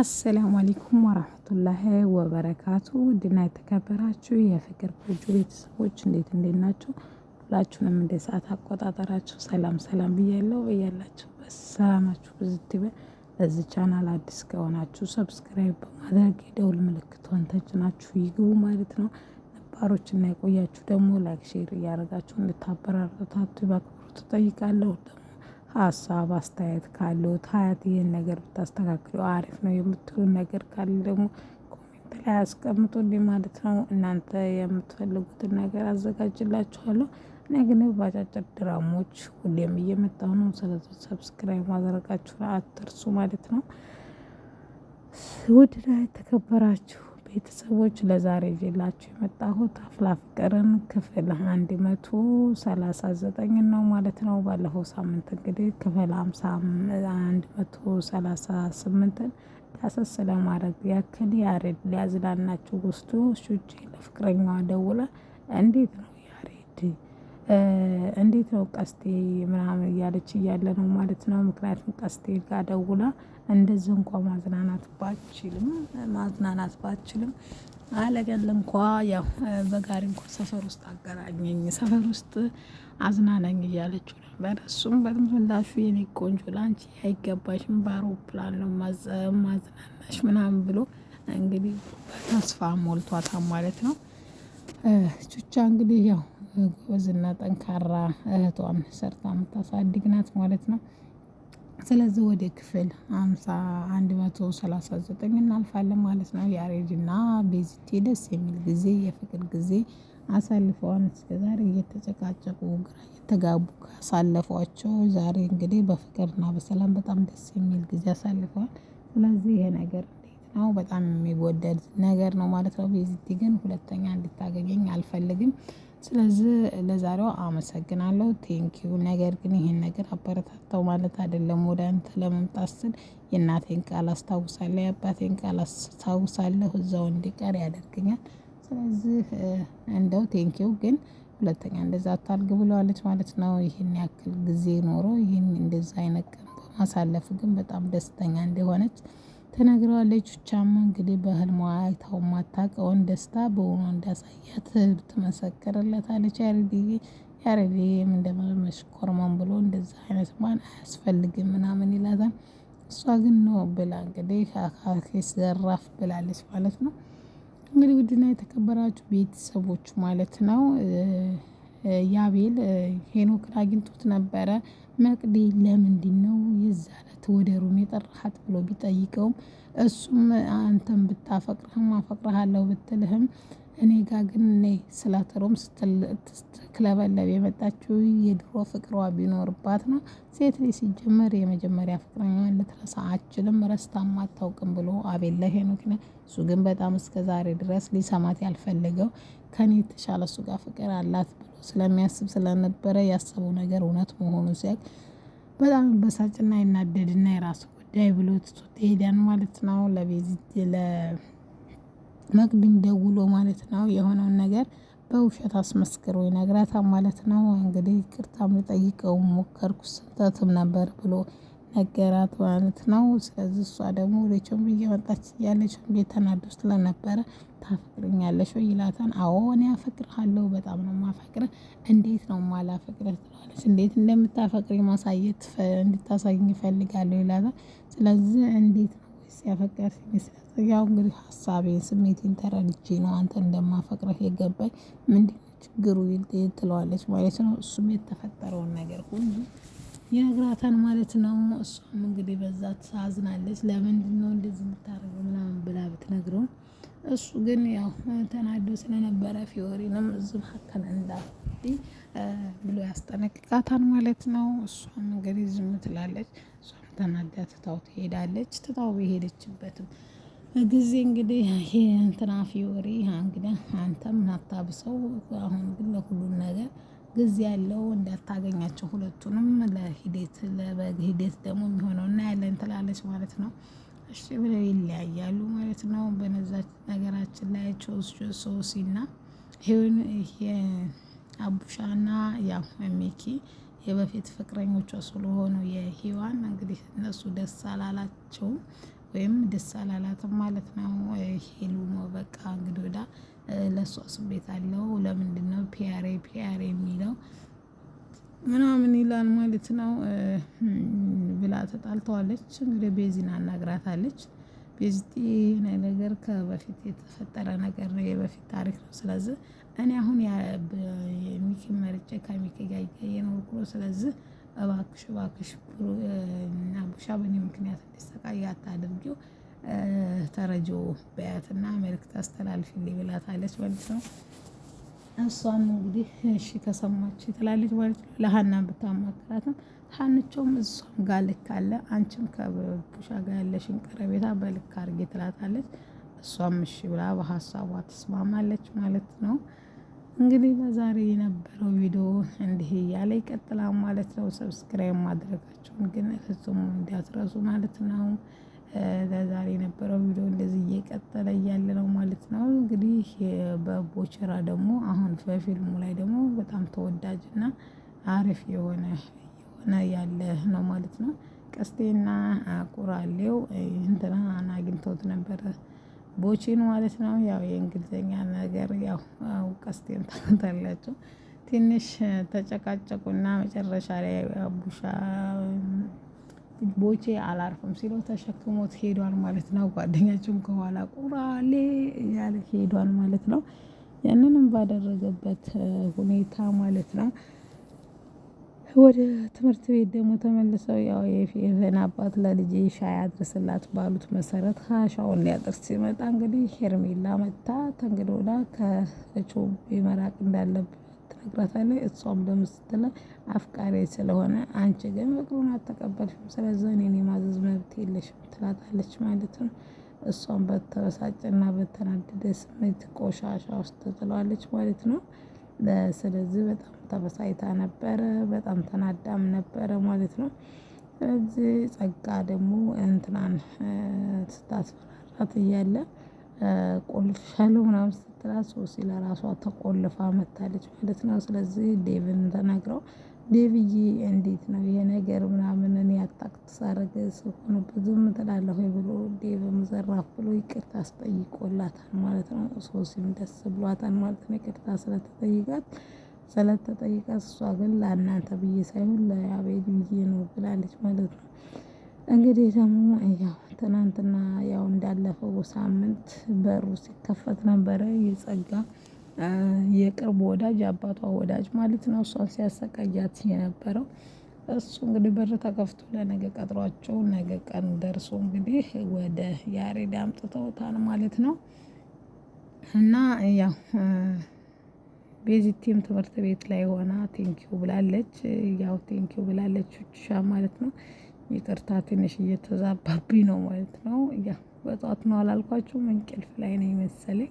አሰላሙ አለይኩም ወራህመቱላሂ ወበረካቱ ውድና የተከበራችሁ የፍቅር ጎጆ ቤተሰቦች እንዴት እንዴት ናችሁ? ሁላችሁንም እንደ ሰዓት አቆጣጠራችሁ ሰላም ሰላም ብያለሁ። እያላችሁበት ሰላማችሁ ብዝት ይበል። ቻናል አዲስ ከሆናችሁ ሰብስክራይብ በማድረግ የደውል ምልክቷን ተጭናችሁ ይግቡ ማለት ነው። ነባሮችና የቆያችሁ ደግሞ ላይክ፣ ሼር እያደረጋችሁ እንድታበረታቱ በአክብሮት እጠይቃለሁ። ሀሳብ አስተያየት ካለዎት ሀያት ይህን ነገር ብታስተካክሉ አሪፍ ነው የምትሉ ነገር ካለ ደግሞ ኮሜንት ላይ አስቀምጡ ማለት ነው። እናንተ የምትፈልጉትን ነገር አዘጋጅላችኋለሁ። እኔ ግን በአጫጭር ድራሞች ሁሌም እየመጣሁ ነው። ስለዚህ ሰብስክራይብ ማድረጋችሁን አትርሱ ማለት ነው። ውድ ላይ ተከበራችሁ ቤተሰቦች ለዛሬ ይዤላችሁ የመጣሁት አፍላ ፍቅርን ክፍል አንድ መቶ ሰላሳ ዘጠኝ ነው ማለት ነው። ባለፈው ሳምንት እንግዲህ ክፍል ሀምሳ አንድ መቶ ሰላሳ ስምንትን ዳሰስ ለማድረግ ያክል ያሬድ ሊያዝናናችሁ ውስጡ ሹጭ ለፍቅረኛዋ ደውላ እንዴት ነው ያሬድ እንዴት ነው ቀስቴ ምናምን እያለች እያለ ነው ማለት ነው። ምክንያቱም ቀስቴ ጋር ደውላ እንደዚህ እንኳ ማዝናናት ባችልም ማዝናናት ባችልም አለገል እንኳ ያው በጋሪ እንኳ ሰፈር ውስጥ አገናኘኝ ሰፈር ውስጥ አዝናናኝ እያለችው ነበር። እሱም በምላሹ የኔ ቆንጆ ላንቺ አይገባሽም፣ በአውሮፕላን ነው ማዝናናሽ ምናምን ብሎ እንግዲህ በተስፋ ሞልቷታል ማለት ነው። ቹቻ እንግዲህ ያው ጎበዝና ጠንካራ እህቷን ሰርታ የምታሳድግ ናት ማለት ነው። ስለዚህ ወደ ክፍል አምሳ አንድ መቶ ሰላሳ ዘጠኝ እናልፋለን ማለት ነው። ያሬድና ቤዚቴ ደስ የሚል ጊዜ የፍቅር ጊዜ አሳልፈዋል። እስከዛሬ እየተጨቃጨቁ ግራ እየተጋቡ ካሳለፏቸው ዛሬ እንግዲህ በፍቅርና በሰላም በጣም ደስ የሚል ጊዜ አሳልፈዋል። ስለዚህ ይሄ ነገር እንዴት ነው በጣም የሚወደድ ነገር ነው ማለት ነው። ቤዚቲ ግን ሁለተኛ እንድታገኘኝ አልፈልግም ስለዚህ ለዛሬው አመሰግናለሁ ቴንኪው። ነገር ግን ይህን ነገር አበረታታው ማለት አይደለም። ወደ አንተ ለመምጣት ስል የእናቴን ቃል አስታውሳለሁ፣ የአባቴን ቃል አስታውሳለሁ። እዛው እንዲቀር ያደርገኛል። ስለዚህ እንደው ቴንኪው ግን ሁለተኛ እንደዛ አታርግ ብለዋለች ማለት ነው። ይህን ያክል ጊዜ ኖሮ ይህን እንደዛ አይነት ቀን በማሳለፍ ግን በጣም ደስተኛ እንደሆነች ተነግረዋለች። ብቻም እንግዲህ በህልሟ አይታው ማታቀውን ደስታ በሆኗ እንዳሳያት ትመሰክርለታለች። ያሬድዬ ያሬድዬም እንደመሽኮርመም ብሎ እንደዛ አይነት ማን አያስፈልግም ምናምን ይላታል። እሷ ግን ነው ብላ እንግዲህ አካኬስ ዘራፍ ብላለች ማለት ነው። እንግዲህ ውድና የተከበራችሁ ቤተሰቦች ማለት ነው ያቤል ሄኖክን አግኝቶት ነበረ። መቅዲ ለምንድን ነው የዛ ዕለት ወደ ሩም የጠራሃት ብሎ ቢጠይቀውም እሱም አንተን ብታፈቅርህም አፈቅረሃለሁ ብትልህም እኔ ጋ ግን እኔ ስላት ሩም ስትክለበለብ የመጣችው የድሮ ፍቅሯ ቢኖርባት ነው። ሴት ላይ ሲጀመር የመጀመሪያ ፍቅረኛ ልትረሳ አችልም፣ ረስታም አታውቅም ብሎ አቤል ለሄኖክ ነ እሱ ግን በጣም እስከ ዛሬ ድረስ ሊሰማት ያልፈልገው ከኔ የተሻለ እሱ ጋር ፍቅር አላት ስለሚያስብ ስለነበረ ያሰበው ነገር እውነት መሆኑ ሲያቅ በጣም በሳጭና ይናደድና የራሱ ጉዳይ ብሎ ትቶት ይሄዳል ማለት ነው። ለቤዚት ለመቅድም ደውሎ ማለት ነው የሆነውን ነገር በውሸት አስመስክሮ ይነግራታል ማለት ነው። እንግዲህ ቅርታም ልጠይቀው ሞከርኩ ስህተትም ነበር ብሎ ነገራት ማለት ነው። ስለዚህ እሷ ደግሞ ወደ ቸንጎ እየመጣች እያለ ቸንጎ ተናዶ ስለነበረ ታፈቅርኛለሽ ወይ ይላታል። አዎ እኔ አፈቅርሃለሁ፣ በጣም ነው የማፈቅርህ። እንዴት ነው የማላፈቅርህ ትለዋለች። እንዴት እንደምታፈቅሪ ማሳየት እንድታሳይኝ ይፈልጋለሁ ይላታል። ስለዚህ እንዴት ነው ሲያፈቅርሽ ያው እንግዲህ ሀሳቤን ስሜቴን ተረድቼ ነው አንተ እንደማፈቅርህ የገባኝ ምንድን ችግሩ ትለዋለች ማለት ነው። እሱም የተፈጠረውን ነገር ሁሉ ይነግራታል ማለት ነው። እሷም እንግዲህ በዛ ትሳዝናለች። ለምንድን ነው እንደዚህ የምታደርገው ምናምን ብላ ብትነግረው እሱ ግን ያው ተናዶ ስለነበረ ፊዮሪንም እዙ መካከል እንዳት ብሎ ያስጠነቅቃታል ማለት ነው። እሷም እንግዲህ ዝም ትላለች። እሷም ተናዳ ትታው ትሄዳለች። ትታው የሄደችበትም ጊዜ እንግዲህ ይሄ እንትና ፊዮሪ እንግዲህ አንተም አታብሰው፣ አሁን ግን ለሁሉም ነገር ጊዜ ያለው እንዳታገኛቸው ሁለቱንም ለሂደት ለሂደት ደግሞ የሚሆነው እና ያለን ትላለች ማለት ነው። እሺ ብለው ይለያያሉ ማለት ነው። በነዛች ነገራችን ላይ ቾስ ሶሲ ና ይሁን አቡሻና ያው ሚኪ የበፊት ፍቅረኞቿ ስለሆኑ የሂዋን እንግዲህ እነሱ ደስ አላላቸውም ወይም ደስ አላላትም ማለት ነው። ሄሉ በቃ ለእሷ ስሜት አለው። ለምንድን ነው ፒያሬ ፒያሬ የሚለው ምናምን ይላል ማለት ነው ብላ ተጣልተዋለች። እንግዲህ ቤዚን አናግራታለች። ቤዝቲ የሆነ ነገር ከበፊት የተፈጠረ ነገር ነው፣ የበፊት ታሪክ ነው። ስለዚህ እኔ አሁን ሚኪ መርጬ ከሚኪ ጋር የኖርኩ ነው። ስለዚህ እባክሽ እባክሽ አቡሻ በእኔ ምክንያት እንዲሰቃይ አታድርጊው ተረጆ በያትና መልእክት አስተላልፊልኝ ብላታለች ማለት ነው። እሷም እንግዲህ እሺ ከሰማች ትላለች ማለት ነው። ለሀናን ብታማክራትም ሀንቾም እሷም ጋር ልክ አለ፣ አንቺም ከቡሻ ጋር ያለሽን ቀረቤታ በልክ አድርጌ ትላታለች። እሷም እሺ ብላ በሀሳቧ ትስማማለች ማለት ነው። እንግዲህ ለዛሬ የነበረው ቪዲዮ እንዲህ እያለ ይቀጥላል ማለት ነው። ሰብስክራይብ ማድረጋቸውን ግን ፍጹም እንዳትረሱ ማለት ነው። ለዛሬ የነበረው ቪዲዮ እንደዚህ እየቀጠለ እያለ ነው ማለት ነው። እንግዲህ በቦቸራ ደግሞ አሁን በፊልሙ ላይ ደግሞ በጣም ተወዳጅና አሪፍ የሆነ የሆነ ያለ ነው ማለት ነው። ቀስቴና ቁራሌው እንትናን አግኝተውት ነበረ ቦቺን ማለት ነው። ያው የእንግሊዝኛ ነገር ያው ቀስቴን ታላቸው ትንሽ ተጨቃጨቁና መጨረሻ ላይ አቡሻ ቦቼ አላርፍም ሲለው ተሸክሞት ሄዷል ማለት ነው። ጓደኛቸውም ከኋላ ቁራሌ እያለ ሄዷል ማለት ነው። ያንንም ባደረገበት ሁኔታ ማለት ነው። ወደ ትምህርት ቤት ደግሞ ተመልሰው ያው የፌቨን አባት ለልጅ ሻይ አድርስላት ባሉት መሰረት ሀሻውን ሊያጥርስ ሲመጣ እንግዲህ ሄርሜላ መታ ተንግዶላ ከእቾ መራቅ እንዳለብን ነግራታለሁ። እሷም ደግሞ ስትል አፍቃሪ ስለሆነ አንቺ ግን ምክሩን አልተቀበልሽም፣ ስለዚህ እኔን የማዘዝ መብት የለሽም ትላታለች ማለት ነው። እሷም በተበሳጨና በተናደደ ስሜት ቆሻሻ ውስጥ ትጥለዋለች ማለት ነው። ስለዚህ በጣም ተበሳይታ ነበረ፣ በጣም ተናዳም ነበረ ማለት ነው። ስለዚህ ጸጋ ደግሞ እንትናን ስታስፈራራት እያለ ቆልፍሻለሁ ምናምን ስትላት ሶሲ ለራሷ ተቆልፋ መታለች ማለት ነው። ስለዚህ ዴቭን ተናግረው ዴቭዬ እንዴት ነው ይሄ ነገር ምናምን እኔ አታክት ሳረገ ስሆኑ ብዙም ትላለሁ ብሎ ዴቭም ምዘራፍ ብሎ ይቅርታ አስጠይቆላታል ማለት ነው። ሶሲም ደስ ብሏታል ማለት ነው። ይቅርታ ስለተጠይቃት ስለተጠይቃት እሷ ግን ለእናንተ ብዬ ሳይሆን ለአቤል ብዬ ነው ብላለች ማለት ነው። እንግዲህ ደግሞ ያው ትናንትና ያው እንዳለፈው ሳምንት በሩ ሲከፈት ነበረ የጸጋ የቅርብ ወዳጅ አባቷ ወዳጅ ማለት ነው እሷን ሲያሰቃያት የነበረው እሱ እንግዲህ በር ተከፍቶ ለነገ ቀጥሯቸው ነገ ቀን ደርሶ እንግዲህ ወደ ያሬድ አምጥተውታል ማለት ነው። እና ያው ቤዚቲም ትምህርት ቤት ላይ ሆና ቴንኪው ብላለች። ያው ቴንኪው ብላለች ማለት ነው። ይቅርታ ትንሽ እየተዛባብኝ ነው ማለት ነው። ያ በጠዋት ነው አላልኳችሁም? እንቅልፍ ላይ ነው ይመስለኝ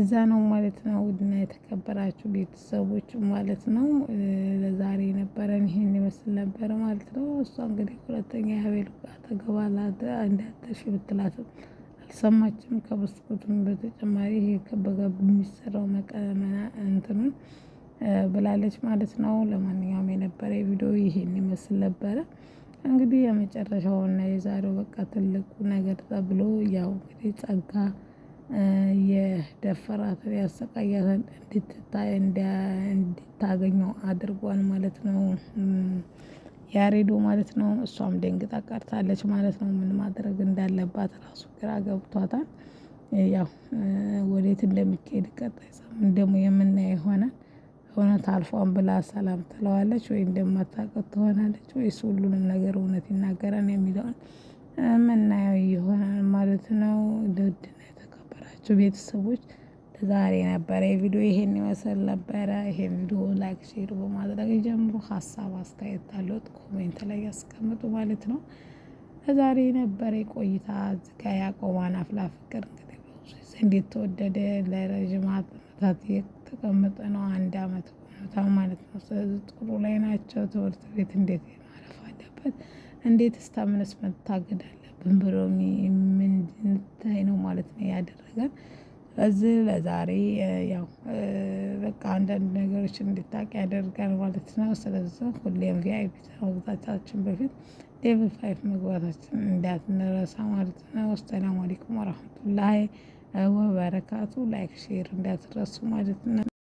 እዛ ነው ማለት ነው። ውድና የተከበራችሁ ቤተሰቦች ማለት ነው። ለዛሬ የነበረን ይሄን ይመስል ነበረ ማለት ነው። እሷ እንግዲህ ሁለተኛ የአቤል ጋር አጠገባ እንዳትሽ ብትላት አልሰማችም። ከብስኩቱም በተጨማሪ ይሄ ከበገብ የሚሰራው መቀመና እንትኑን ብላለች ማለት ነው። ለማንኛውም የነበረ ቪዲዮ ይሄን ይመስል ነበረ። እንግዲህ የመጨረሻው እና የዛሬው በቃ ትልቁ ነገር ተብሎ ያው እንግዲህ ጸጋ የደፈራትን ያሰቃያትን እንድታገኘው አድርጓል ማለት ነው ያሬዶ ማለት ነው። እሷም ደንግጣ ቀርታለች ማለት ነው። ምን ማድረግ እንዳለባት ራሱ ግራ ገብቷታል። ያው ወዴት እንደሚካሄድ ቀጣይ ሳምንት ደግሞ የምናየው ይሆናል። እውነት አልፏን ብላ ሰላም ትለዋለች ወይ እንደማታውቀው ትሆናለች ወይስ ሁሉንም ነገር እውነት ይናገራል የሚለውን የምናየው ይሆናል ማለት ነው። ውድና የተከበራችሁ ቤተሰቦች ዛሬ ነበረ የቪዲዮ ይሄን ይመስል ነበረ። ይሄን ቪዲዮ ላይክ፣ ሼር በማድረግ ጀምሮ ሀሳብ አስተያየት ታለት ኮሜንት ላይ ያስቀምጡ ማለት ነው። ዛሬ ነበረ ቆይታ ዝጋ ያቆማን አፍላ ፍቅር እንግዲህ እንዴት ተወደደ ለረዥም ዓመታት ከተቀመጠ ነው አንድ አመት ሆኖታል ማለት ነው። ስለዚህ ጥሩ ላይ ናቸው። ትምህርት ቤት እንዴት ማለፍ አለበት፣ እንዴት እስታምነስ መታገድ አለብን ብሎ ምንድንታይ ነው ማለት ነው ያደረገን ስለዚህ ለዛሬ ያው በቃ አንዳንድ ነገሮች እንድታቅ ያደርጋል ማለት ነው። ስለዚህ ሁሌም ቪአይፒ ከመግባታችን በፊት ሌቭል ፋይፍ መግባታችን እንዳትነረሳ ማለት ነው። አሰላሙ አለይኩም ወረህመቱላሂ ወበረካቱ። ላይክ ሼር እንዳትረሱ ማለት ነው።